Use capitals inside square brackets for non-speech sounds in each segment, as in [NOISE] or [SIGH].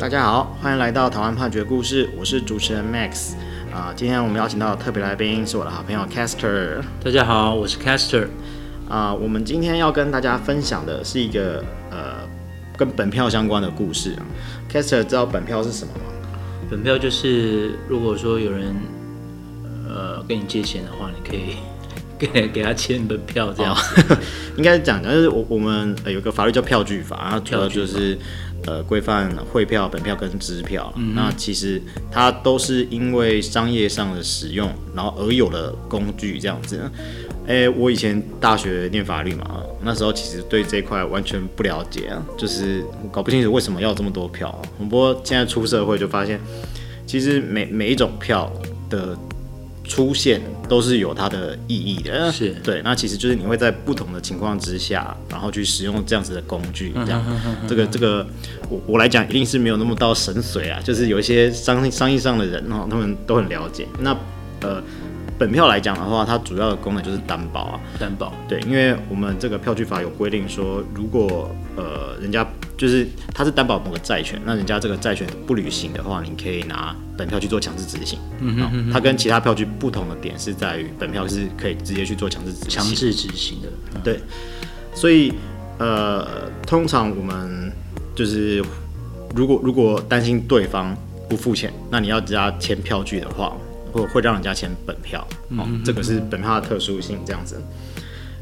大家好，歡迎來到台灣判決故事，我是主持人 Max 啊、呃。今天我們邀請到的特別來賓是我的好朋友 Caster。大家好，我是 Caster 啊、呃。我們今天要跟大家分享的是一個呃跟本票相關的故事。Caster 知道本票是什麼嗎？本票就是如果說有人呃跟你借錢的話，你可以給給他簽本票這樣、哦呵呵，應該是講，但、就是我我們有個法律叫票據法，然後票據就是。呃，規範匯票、本票跟支票、嗯，那其實它都是因為商業上的使用，然後而有了工具這樣子。哎、欸，我以前大學念法律嘛，那時候其實對這塊完全不了解啊，就是我搞不清楚為什麼要這麼多票、啊。不過現在出社會就發現，其實每每一種票的出現都是有它的意義的，是，對，那其實就是你會在不同的情況之下，然後去使用這樣子的工具，這樣，這個這個，我我來講一定是沒有那麼到神髓啊，就是有一些商商業上的人哈，他們都很了解。那呃，本票來講的話，它主要的功能就是擔保啊，擔保，對，因為我們這個票據法有規定說，如果呃人家。就是它是擔保某個債權，那人家這個債權不履行的話，你可以拿本票去做強制執行。嗯哼哼哼，它跟其他票據不同的點是在於，本票是可以直接去做強制執行。強制執行的，嗯，對。所以呃，通常我們就是如果如果擔心對方不付錢，那你要人家簽票據的話，或會讓人家簽本票。哦、嗯哼哼，這個是本票的特殊性，這樣子。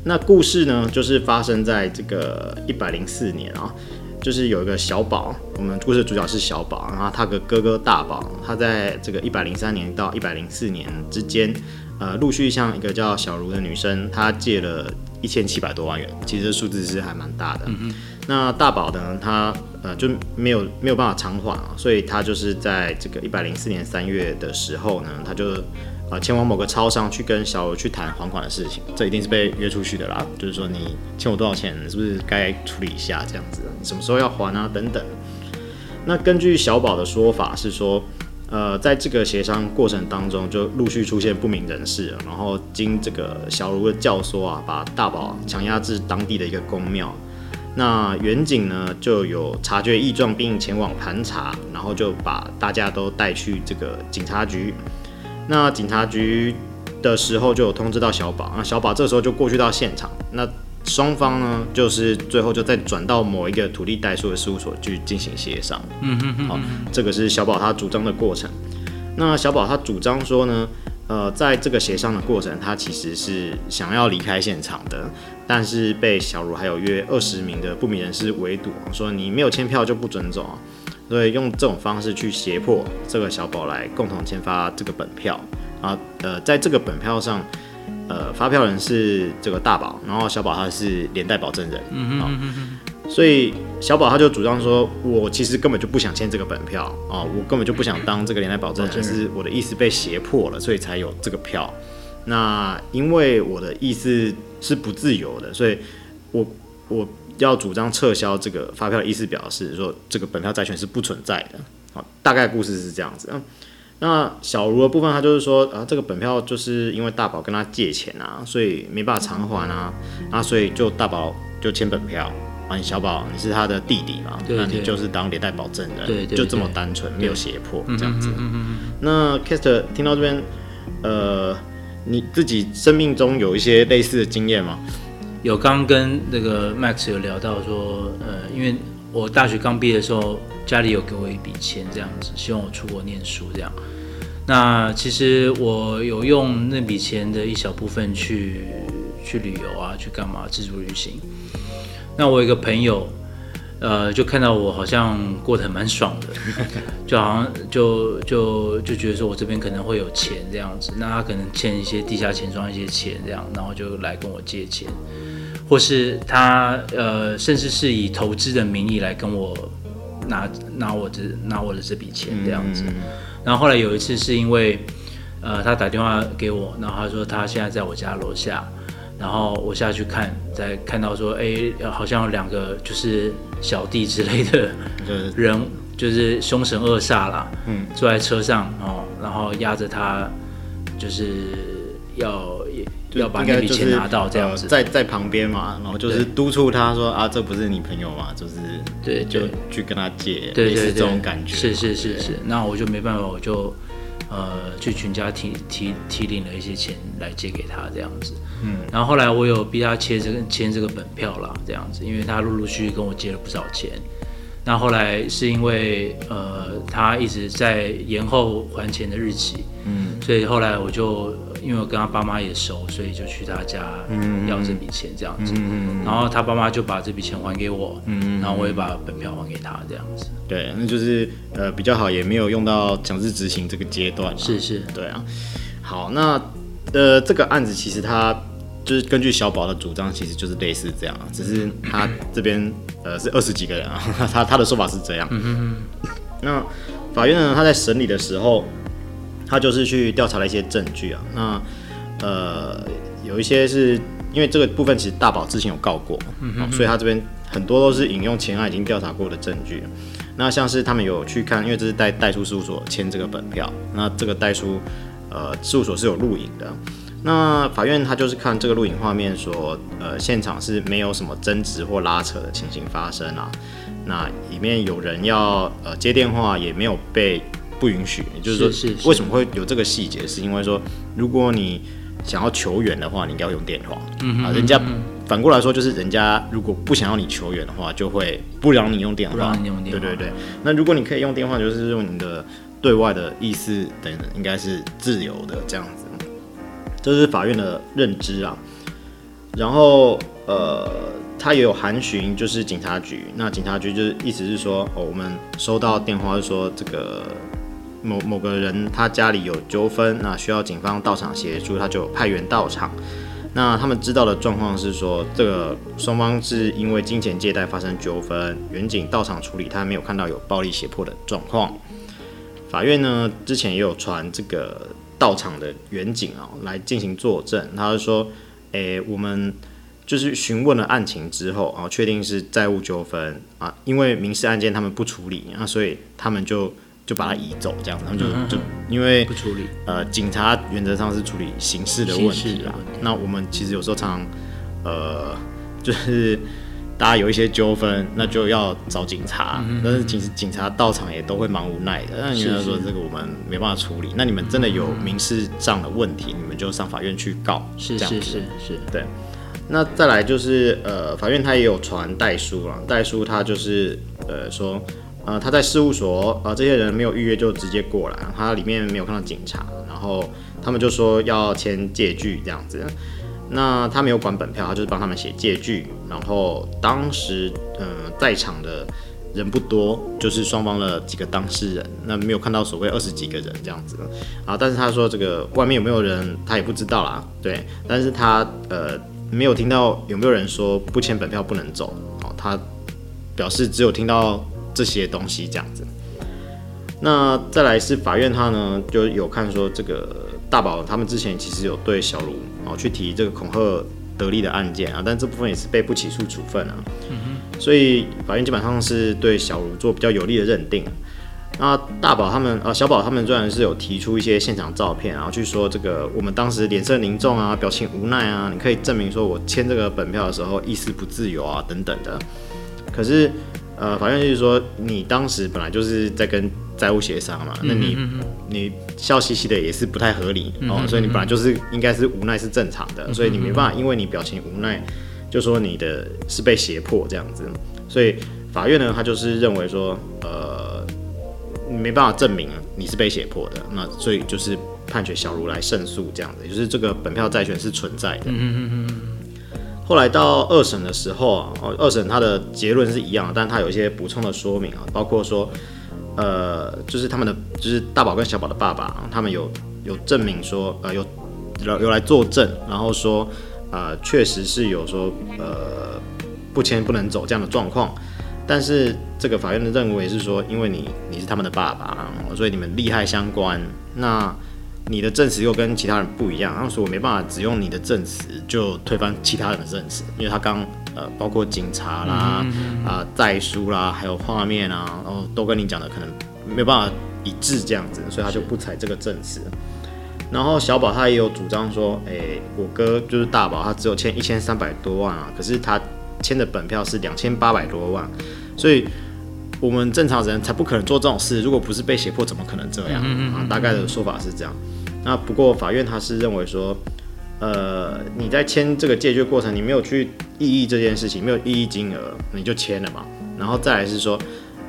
那故事呢，就是發生在這個一百零四年啊。就是有一個小寶，我們故事的主角是小寶，然後他的哥哥大寶，他在這個一百零三年到一百零四年之間，呃，陸續向一個叫小如的女生，她借了一千七百多萬元，其實數字是還蠻大的。嗯嗯，那大寶呢，他呃就沒有沒有辦法償還啊，所以他就是在這個一百零四年三月的時候呢，他就。啊，前往某個超商去跟小如去談還款的事情，這一定是被約出去的啦。就是說，你欠我多少錢，是不是該處理一下？這樣子，你什麼時候要還啊？等等。那根據小寶的說法是說，呃，在這個協商過程當中，就陸續出現不明人士，然後經這個小如的教唆啊，把大寶強押至當地的一個宮廟。那員警呢，就有察覺異狀並前往盤查，然後就把大家都帶去這個警察局。那警察局的時候就有通知到小寶，那小寶這時候就過去到現場，那雙方呢，就是最後就再轉到某一個土地代書的事務所去進行協商。嗯哼嗯哼好，這個是小寶他主張的過程。那小寶他主張說呢，呃，在這個協商的過程，他其實是想要離開現場的，但是被小如還有約二十名的不明人士圍堵，說你沒有簽票就不准走啊。所以用這種方式去脅迫這個小寶來共同簽發這個本票啊，呃，在這個本票上，呃，發票人是這個大寶，然後小寶他是連帶保證人，哦。所以小寶他就主張說，我其實根本就不想簽這個本票啊，哦，我根本就不想當這個連帶保證人，就是我的意思被脅迫了，所以才有這個票。那因為我的意思是不自由的，所以我我要主張撤銷這個發票的意思表示，說這個本票債權是不存在的。好，大概的故事是這樣子。那小如的部分，他就是說啊，這個本票就是因為大寶跟他借錢啊，所以沒辦法償還啊，啊，所以就大寶就簽本票。啊，你小寶你是他的弟弟嘛，那你就是當連帶保證人，就這麼單純，沒有脅迫這樣子。那 Caster 聽到這邊，呃，你自己生命中有一些類似的經驗嗎？有剛跟那個 Max 有聊到說，呃，因為我大學剛畢業的時候，家裡有給我一筆錢，這樣子，希望我出國念書這樣。那其實我有用那筆錢的一小部分去去旅遊啊，去幹嘛自助旅行。那我有一個朋友。呃，就看到我好像過得蠻爽的，就好像就就就覺得說我這邊可能會有錢這樣子，那他可能欠一些地下錢莊一些錢這樣，然後就來跟我借錢，或是他呃，甚至是以投資的名義來跟我拿拿我的拿我的這筆錢這樣子。然後後來有一次是因為呃，他打電話給我，然後他說他現在在我家樓下。然後我下去看，再看到說，哎，好像有兩個就是小弟之類的人，就是、就是、兇神惡煞啦、嗯，坐在車上哦，然後壓着他，就是要就要把那筆錢拿到、就是、這樣子、呃，在在旁邊嘛，然後就是督促他說啊，這不是你朋友嘛，就是對，對，就去跟他借，類是這種感覺，是是是是，是是，那我就沒辦法，我就。呃，去全家提提提領了一些錢來借給他，這樣子。嗯，然後後來我有逼他簽這個簽這個本票啦，這樣子，因為他陸陸續續跟我借了不少錢。那後來是因為呃，他一直在延後還錢的日期，嗯，所以後來我就因為我跟他爸媽也熟，所以就去他家，嗯，要這筆錢這樣子，嗯，然後他爸媽就把這筆錢還給我，嗯，然後我也把本票還給他這樣子，對，那就是呃比較好，也沒有用到強制執行這個階段，是是，對啊，好，那呃這個案子其實他就是根據小寶的主張，其實就是類似這樣，只是他這邊。 [COUGHS] 呃，是二十幾個人啊，他他的說法是這樣。那法院呢？他在審理的時候，他就是去調查了一些證據啊。那呃，有一些是因為這個部分其實大寶之前有告過，嗯哼哼，所以他這邊很多都是引用前案已經調查過的證據。那像是他們有去看，因為這是代代書事務所簽這個本票，那這個代書呃事務所是有錄影的。那法院他就是看這個錄影畫面，說，呃，現場是沒有什麼爭執或拉扯的情形發生啊。那裡面有人要呃接電話，也沒有被不允許。也就是說，為什麼會有這個細節？是因為說，如果你想要求援的話，你應該要用電話。嗯啊，人家反過來說，就是人家如果不想要你求援的話，就會不讓你用電話。不讓你用電話。對對對。那如果你可以用電話，就是用你的對外的意思，等等，應該是自由的這樣子。這是法院的認知啊，然後呃，他也有函詢，就是警察局。那警察局就是意思是說，哦，我們收到電話，就說這個某某個人他家裡有糾紛，那需要警方到場協助，他就派員到場。那他們知道的狀況是說，這個雙方是因為金錢借貸發生糾紛，員警到場處理，他還沒有看到有暴力脅迫的狀況。法院呢之前也有傳這個。到場的員警啊，來進行作證。他就說：“誒、欸，我們就是詢問了案情之後啊，確定是債務糾紛啊，因為民事案件他們不處理，那、啊、所以他們就就把他移走，這樣子。他們就就因為不處理，呃，警察原則上是處理刑事的問題、啊。那我們其實有時候常常，呃，就是。”大家有一些糾紛，那就要找警察。嗯、但是警警察到場也都會蠻無奈的，那警察說，這個我們沒辦法處理。是是，那你們真的有民事上的問題。嗯，你們就上法院去告，是這樣子。是是是，是對。那再來就是呃，法院他也有傳代書啊，代書他就是呃說，呃他在事務所，啊、呃，這些人沒有預約就直接過來，他裡面沒有看到警察，然後他們就說要簽借據這樣子。那他沒有管本票，他就是幫他們寫借據。然後當時，嗯、呃，在場的人不多，就是雙方的幾個當事人。那沒有看到所謂二十幾個人這樣子啊。但是他說這個外面有沒有人，他也不知道啦。對，但是他呃沒有聽到有沒有人說不簽本票不能走。好、啊，他表示只有聽到這些東西這樣子。那再來是法院他呢就有看說這個。大寶他們之前其實有對小如啊、哦、去提這個恐嚇得利的案件啊，但這部分也是被不起訴處分了、啊。嗯哼，所以法院基本上是對小如做比較有利的認定。那大寶他們啊、呃，小寶他們雖然是有提出一些現場照片，然後去說這個我們當時臉色凝重啊，表情無奈啊，你可以證明說我簽這個本票的時候意思不自由啊等等的。可是呃，法院就是說你當時本來就是在跟債務協商嘛，那你，嗯、哼哼你笑嘻嘻的也是不太合理，嗯、哼哼，哦，所以你本來就是應該是無奈是正常的，嗯、哼哼所以你沒辦法，因為你表情無奈，就說你的是被脅迫這樣子，所以法院呢，他就是認為說，呃，你沒辦法證明你是被脅迫的，那所以就是判決小如來勝訴這樣子，也就是這個本票債權是存在的。嗯、哼哼後來到二審的時候啊，二審他的結論是一樣的，但他有一些補充的說明啊，包括說。呃，就是他們的，就是大寶跟小寶的爸爸，他們有有證明說，呃，有有來作證，然後說，呃，確實是有說，呃，不簽不能走這樣的狀況，但是這個法院的認為是說，因為你你是他們的爸爸，所以你們利害相關，那。你的證詞又跟其他人不一樣，啊，他說我沒辦法只用你的證詞就推翻其他人的證詞，因為他剛呃包括警察啦，啊代、嗯嗯嗯呃、書啦還有畫面啊，然後都跟你講的可能沒辦法一致這樣子，所以他就不採這個證詞。然後小寶他也有主張說，哎、欸，我哥就是大寶他只有欠一千三百多萬啊，可是他簽的本票是兩千八百多萬，所以我們正常人才不可能做這種事，如果不是被脅迫怎麼可能這樣啊？嗯嗯嗯嗯，啊大概的說法是這樣。那不過法院他是認為說，呃，你在簽這個借據過程，你沒有去異議這件事情，沒有異議金額，你就簽了嘛。然後再來是說，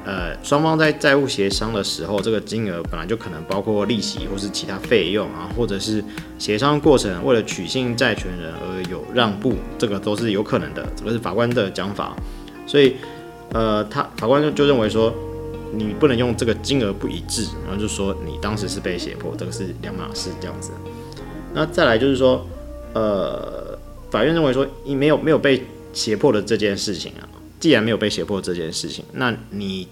呃，雙方在債務協商的時候，這個金額本來就可能包括利息或是其他費用啊，或者是協商過程為了取信債權人而有讓步，這個都是有可能的。這個是法官的講法，所以，呃，他法官就認為說。你不能用這個金額不一致，然後就說你當時是被脅迫，這個是兩碼事，這樣子。那再來就是說，呃，法院認為說你沒有沒有被脅迫的這件事情啊，既然沒有被脅迫的這件事情，那你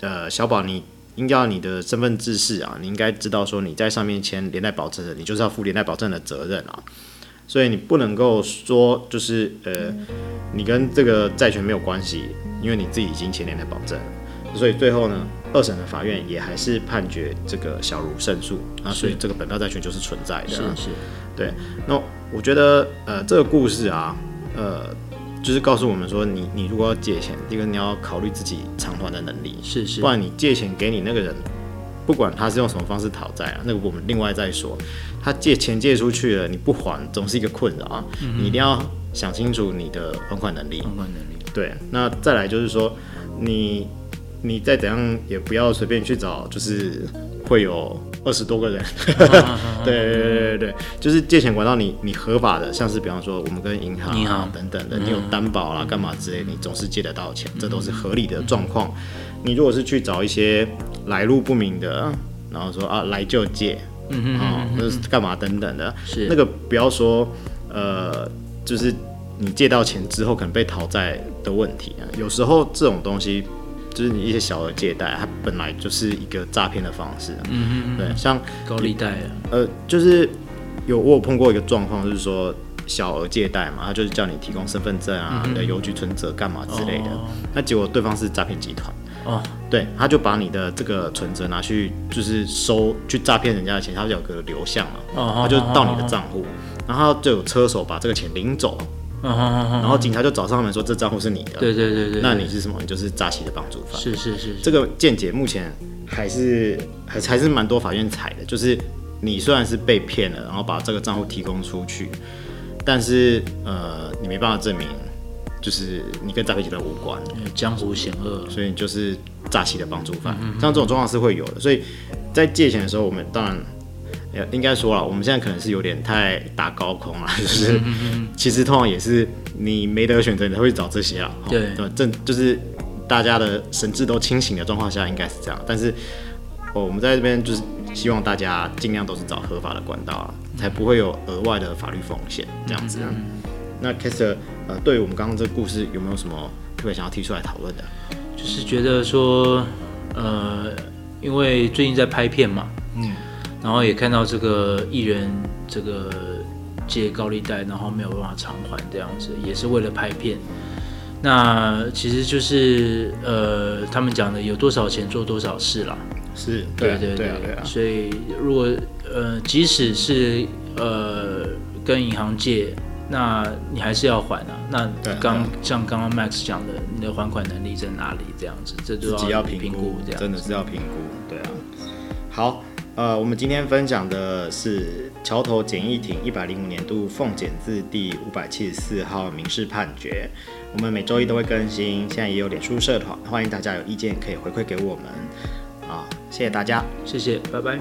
呃，小寶你應該要你的身份知識啊，你應該知道說你在上面簽連帶保證的，你就是要負連帶保證的責任啊。所以你不能夠說就是呃，你跟這個債權沒有關係，因為你自己已經簽連帶保證了。所以最後呢，二審的法院也還是判決這個小如勝訴啊，所以這個本票債權就是存在的。是是，對。那我覺得呃，這個故事啊，呃，就是告訴我們說你，你你如果要借錢，第一個你要考慮自己償還的能力。是是，不然你借錢給你那個人，不管他是用什麼方式討債啊，那個我們另外再說。他借錢借出去了，你不還，總是一個困擾。啊、嗯嗯。你一定要想清楚你的還款能力。還款能力。對。那再來就是說你。你再怎樣也不要隨便去找，就是會有二十多個人， [LAUGHS] 對對對對對，就是借錢管道你你，合法的，像是比方說我們跟銀行等等的，嗯、你有擔保啦、幹嘛之類、嗯，你總是借得到錢，嗯、這都是合理的狀況、嗯嗯。你如果是去找一些來路不明的，然後說啊來就借，嗯啊、那、嗯、是幹嘛等等的，是、嗯嗯嗯、那個不要說呃，就是你借到錢之後可能被討債的問題啊，有時候這種東西。就是你一些小額借貸，它本來就是一個詐騙的方式。嗯嗯，嗯對，像高利貸。呃，就是有我有碰過一個狀況，就是說小額借貸嘛，他就是叫你提供身份證啊嗯嗯嗯、你的郵局存摺幹嘛之類的、哦。那結果對方是詐騙集團。哦。對，他就把你的這個存摺拿去，就是收去詐騙人家的錢。他有個流向嘛。哦他、哦哦哦哦哦、就到你的賬戶、哦哦哦哦，然後就有車手把這個錢領走。嗯、哼哼哼哼然後警察就找上門說這賬戶是你的，對對對,對那你是什麼？你就是詐欺的幫助犯，是是,是是是，這個見解目前還是還還是蠻多法院採的，就是你雖然是被騙了，然後把這個賬戶提供出去，但是呃你沒辦法證明就是你跟詐騙集團無關，江湖險惡，所以你就是詐欺的幫助犯、啊嗯，像這種狀況是會有的，所以在借錢的時候我們當然。應該說了，我們現在可能是有點太打高空了，就是其實通常，也是你沒得選擇，你才會找這些啊。對，哦、正就是大家的神智都清醒的狀況下，應該是這樣。但是，哦，我們在這邊就是希望大家儘量都是找合法的管道啊，嗯、才不會有額外的法律風險這樣子啊、嗯嗯。那 Kester，呃，對於我們剛剛這個故事有沒有什麼特別想要提出來討論的？就是覺得說，呃，因為最近在拍片嘛。然後也看到這個藝人這個借高利貸，然後沒有辦法償還這樣子，也是為了拍片。那其實就是呃，他們講的有多少錢做多少事啦。是，對、啊、對對對、對、啊對啊，所以如果呃，即使是呃跟銀行借，那你還是要還啊。那剛、啊啊、像剛剛 Max 講的，你的還款能力在哪裡？這樣子，這就要評估，要評估這樣，真的是要評估，對啊。好。呃，我們今天分享的是橋頭簡易庭一百零五年度鳳簡字第五百七十四號民事判決。我們每周一都會更新，現在也有臉書社團，歡迎大家有意見可以回饋給我們。啊，謝謝大家，謝謝，拜拜。